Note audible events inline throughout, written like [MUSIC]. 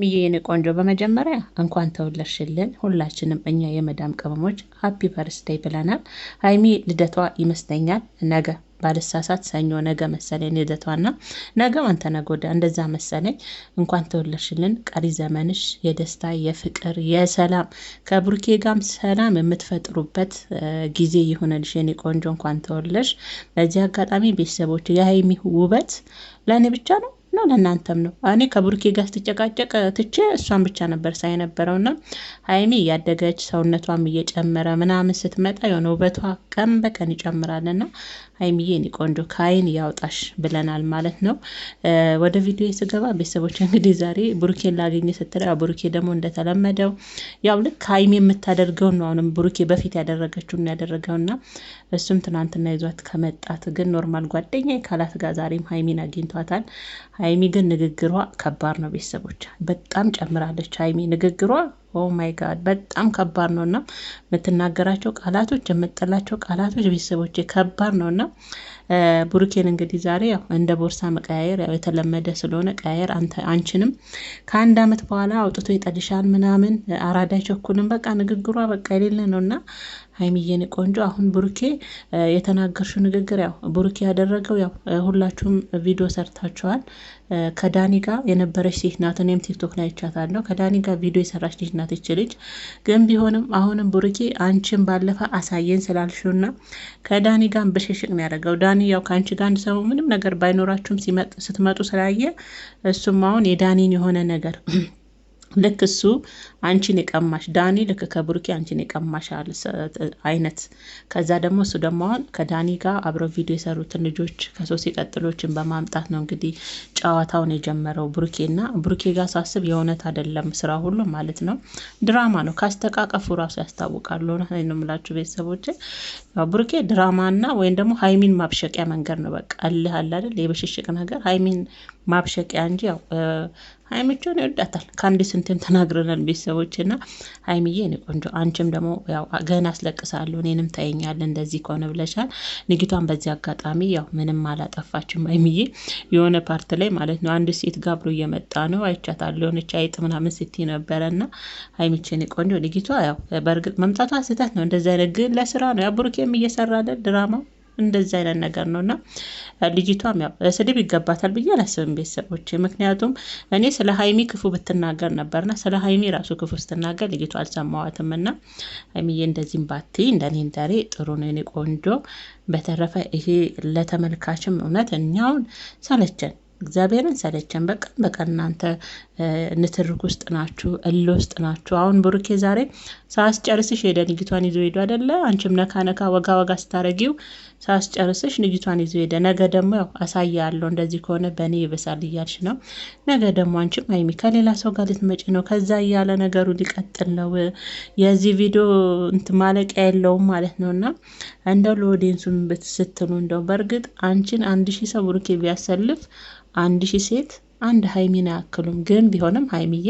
ምዬ የኔ ቆንጆ በመጀመሪያ እንኳን ተወለድሽልን። ሁላችንም እኛ የመዳም ቅመሞች ሀፒ በርስደይ ብለናል። ሀይሚ ልደቷ ይመስለኛል ነገ ባልሳሳት ሰኞ ነገ መሰለኝ ልደቷና፣ ነገ አንተ ነገ ወዲያ እንደዛ መሰለኝ። እንኳን ተወለድሽልን። ቀሪ ዘመንሽ የደስታ የፍቅር፣ የሰላም ከብሩኬ ጋም ሰላም የምትፈጥሩበት ጊዜ ይሁንልሽ የኔ ቆንጆ። እንኳን ተወለድሽ። በዚህ አጋጣሚ ቤተሰቦች የሀይሚ ውበት ለእኔ ብቻ ነው ነው ለእናንተም ነው። እኔ ከብሩኬ ጋር ስትጨቃጨቅ ትቼ እሷን ብቻ ነበር ሳይ ነበረውና ሀይሚ እያደገች ሰውነቷም እየጨመረ ምናምን ስትመጣ የሆነ ውበቷ ቀን በቀን ይጨምራልና ሀይሚዬ እኔ ቆንጆ ከአይን ያውጣሽ ብለናል ማለት ነው። ወደ ቪዲዮ የስገባ ቤተሰቦች እንግዲህ ዛሬ ብሩኬን ላገኘ ስትል ብሩኬ ደግሞ እንደተለመደው ያው ልክ ሀይሚ የምታደርገውን ነው። አሁንም ብሩኬ በፊት ያደረገው ያደረገውና እሱም ትናንትና ይዟት ከመጣት ግን ኖርማል ጓደኛ ካላት ጋር ዛሬም ሀይሚን አግኝቷታል። ሀይሚ ግን ንግግሯ ከባድ ነው ቤተሰቦች፣ በጣም ጨምራለች ሀይሚ ንግግሯ ኦ ማይ ጋድ በጣም ከባድ ነው እና የምትናገራቸው ቃላቶች የምጠላቸው ቃላቶች ቤተሰቦች ከባድ ነው እና ቡሩኬን እንግዲህ ዛሬ ያው እንደ ቦርሳ መቀያየር ያው የተለመደ ስለሆነ ቀያየር አንችንም ከአንድ አመት በኋላ አውጥቶ ይጠልሻል ምናምን አራዳ አይቸኩልም። በቃ ንግግሯ በቃ የሌለ ነው እና ሀይሚዬን ቆንጆ አሁን ቡሩኬ የተናገርሽው ንግግር ያው ቡሩኬ ያደረገው ያው ሁላችሁም ቪዲዮ ሰርታችኋል። ከዳኒ ጋር የነበረች ሴት ናት። እኔም ቲክቶክ ላይ ይቻታለሁ። ከዳኒ ጋር ቪዲዮ የሰራች ልጅ ናት ይች ልጅ። ግን ቢሆንም አሁንም ቡሩኬ አንቺን ባለፈ አሳየን ስላልሽውና ከዳኒ ጋር ብሽሽቅ ነው ያደረገው ዳኒ ዳኒ ያው ከአንቺ ጋር አንድ ሰው ምንም ነገር ባይኖራችሁም ስትመጡ ስላየ እሱም አሁን የዳኒን የሆነ ነገር [CLEARS THROAT] ልክ እሱ አንቺን የቀማሽ ዳኒ ልክ ከብሩኬ አንቺን የቀማሽ አይነት ከዛ ደግሞ እሱ ደግሞ አሁን ከዳኒ ጋር አብረው ቪዲዮ የሰሩትን ልጆች ከሶስት ቀጥሎችን በማምጣት ነው እንግዲህ ጨዋታውን የጀመረው ብሩኬና ብሩኬ ጋር ሳስብ የእውነት አይደለም ስራ ሁሉ ማለት ነው ድራማ ነው። ካስተቃቀፉ ራሱ ያስታውቃሉ። ነው የምላችሁ ቤተሰቦች ብሩኬ ድራማና ወይም ደግሞ ሀይሚን ማብሸቂያ መንገድ ነው። በቃ እልህ አለ አይደል? የብሽሽቅ ነገር ሀይሚን ማብሸቂያ እንጂ ያው ሀይሚቾን ይወዳታል። ከአንድ ስንቴም ተናግረናል ቤተሰቦች እና ሀይሚዬ እኔ ቆንጆ፣ አንቺም ደግሞ ያው ገና አስለቅሳለሁ እኔንም ታየኛለ እንደዚህ ከሆነ ብለሻል። ንጊቷን በዚህ አጋጣሚ ያው ምንም አላጠፋችም ሀይሚዬ። የሆነ ፓርት ላይ ማለት ነው አንድ ሴት ጋር እየመጣ ነው አይቻታለሁ፣ የሆነች አይጥ ምናምን ስቲ ነበረ እና ሀይሚቼ እኔ ቆንጆ፣ ንጊቷ ያው በእርግጥ መምጣቷ ስህተት ነው እንደዚህ አይነት ግን ለስራ ነው ያብሩኬ ፊልም እየሰራ አይደል ድራማው እንደዚህ አይነት ነገር ነው እና ልጅቷም ያው ስድብ ይገባታል ብዬ አላስብም ቤተሰቦች። ምክንያቱም እኔ ስለ ሀይሚ ክፉ ብትናገር ነበርና ስለ ሀይሚ ራሱ ክፉ ስትናገር ልጅቷ አልሰማዋትም። እና ሀይሚዬ እንደዚህም ባት እንደኔ እንደሬ ጥሩ ነው የኔ ቆንጆ። በተረፈ ይሄ ለተመልካችም እውነት እኛውን ሰለቸን እግዚአብሔርን ሰለቸን። በቀን በቀን እናንተ ንትርክ ውስጥ ናችሁ፣ እል ውስጥ ናችሁ። አሁን ብሩኬ ዛሬ ሳያስጨርስሽ ሄደ፣ ንጊቷን ይዞ ሄዱ አደለ? አንቺም ነካ ነካ ወጋ ወጋ ስታረጊው ሳያስጨርስሽ ንጊቷን ይዞ ሄደ። ነገ ደግሞ ያው አሳያ ያለው እንደዚህ ከሆነ በእኔ ይብሳል እያልሽ ነው። ነገ ደግሞ አንቺም አይሚ ከሌላ ሰው ጋር ልትመጪ ነው። ከዛ እያለ ነገሩ ሊቀጥል ነው። የዚህ ቪዲዮ እንትን ማለቂያ የለውም ማለት ነው እና እንደው ለወዴንሱም ብትስትሉ እንደው በእርግጥ አንቺን አንድ ሺህ ሰው ብሩኬ ቢያሰልፍ አንድ ሺህ ሴት አንድ ሀይሚን አያክሉም። ግን ቢሆንም ሀይሚዬ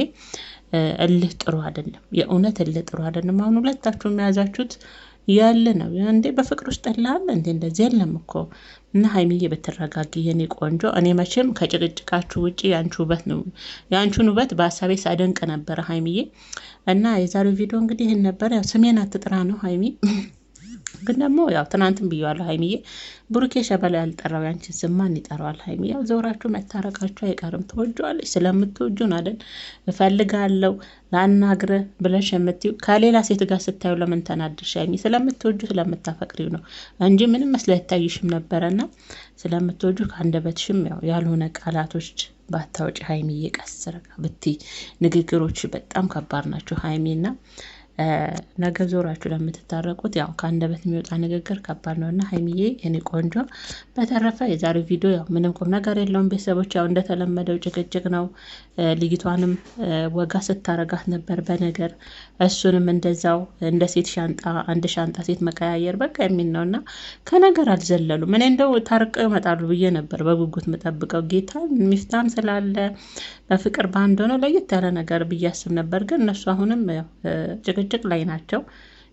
እልህ ጥሩ አይደለም። የእውነት እልህ ጥሩ አይደለም። አሁን ሁለታችሁ የያዛችሁት ያለ ነው እንዴ? በፍቅር ውስጥ ላለ እንዴ? እንደዚህ የለም እኮ እና ሀይሚዬ ብትረጋጊ የኔ ቆንጆ። እኔ መቼም ከጭቅጭቃችሁ ውጭ ያንቺ ውበት ነው ያንቺን ውበት በሀሳቤ ሳደንቅ ነበረ ሀይሚዬ። እና የዛሬው ቪዲዮ እንግዲህ ይህን ነበር። ያው ስሜን አትጥራ ነው ሀይሚ ግን ደግሞ ያው ትናንትም ብየዋለሁ ሀይሚዬ ብሩኬ ሸበላ ያልጠራው ያንቺን ስም ማን ይጠራዋል? ሀይሚ ያው ዘውራችሁ መታረቃችሁ አይቀርም። ትወጂዋለሽ ስለምትወጁን አደን እፈልጋለው ላናግረ ብለሽ የምትይው ከሌላ ሴት ጋር ስታዩ ለምን ተናድሽ? ሀይሚ ስለምትወጁ ስለምታፈቅሪው ነው እንጂ ምንም መስሎ አይታይሽም ነበረና ስለምትወጁ ከአንደበትሽም ያው ያልሆነ ቃላቶች ባታወጪ ሀይሚዬ፣ ቀስር ብቲ ንግግሮች በጣም ከባድ ናቸው ሀይሚና ነገ ዞራችሁ ለምትታረቁት ያው ከአንደበት የሚወጣ ንግግር ከባድ ነው እና ሀይሚዬ የኔ ቆንጆ፣ በተረፈ የዛሬው ቪዲዮ ያው ምንም ቁም ነገር የለውም። ቤተሰቦች ያው እንደተለመደው ጭቅጭቅ ነው። ልጅቷንም ወጋ ስታረጋት ነበር በነገር እሱንም እንደዛው እንደ ሴት ሻንጣ አንድ ሻንጣ ሴት መቀያየር በቃ የሚል ነው እና ከነገር አልዘለሉም። እኔ እንደው ታርቀው ይመጣሉ ብዬ ነበር በጉጉት የምጠብቀው ጌታ ሚፍታም ስላለ በፍቅር በአንድ ሆነው ለየት ያለ ነገር ብዬ አስብ ነበር። ግን እነሱ አሁንም ጭቅጭቅ ድቅድቅ ላይ ናቸው።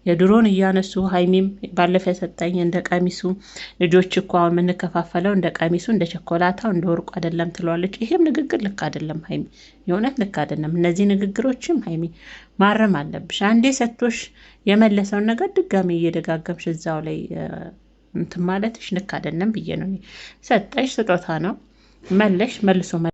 የድሮን እያነሱ ሀይሚም ባለፈ የሰጠኝ እንደ ቀሚሱ ልጆች እኮ የምንከፋፈለው እንደ ቀሚሱ እንደ ቸኮላታው እንደ ወርቁ አይደለም ትለዋለች። ይሄም ንግግር ልክ አይደለም ሀይሚ፣ የእውነት ልክ አይደለም። እነዚህ ንግግሮችም ሀይሚ ማረም አለብሽ። አንዴ ሰቶሽ የመለሰውን ነገር ድጋሚ እየደጋገምሽ እዛው ላይ እንትን ማለትሽ ልክ አይደለም ብዬ ነው። ሰጠሽ ስጦታ ነው መለሽ መልሶ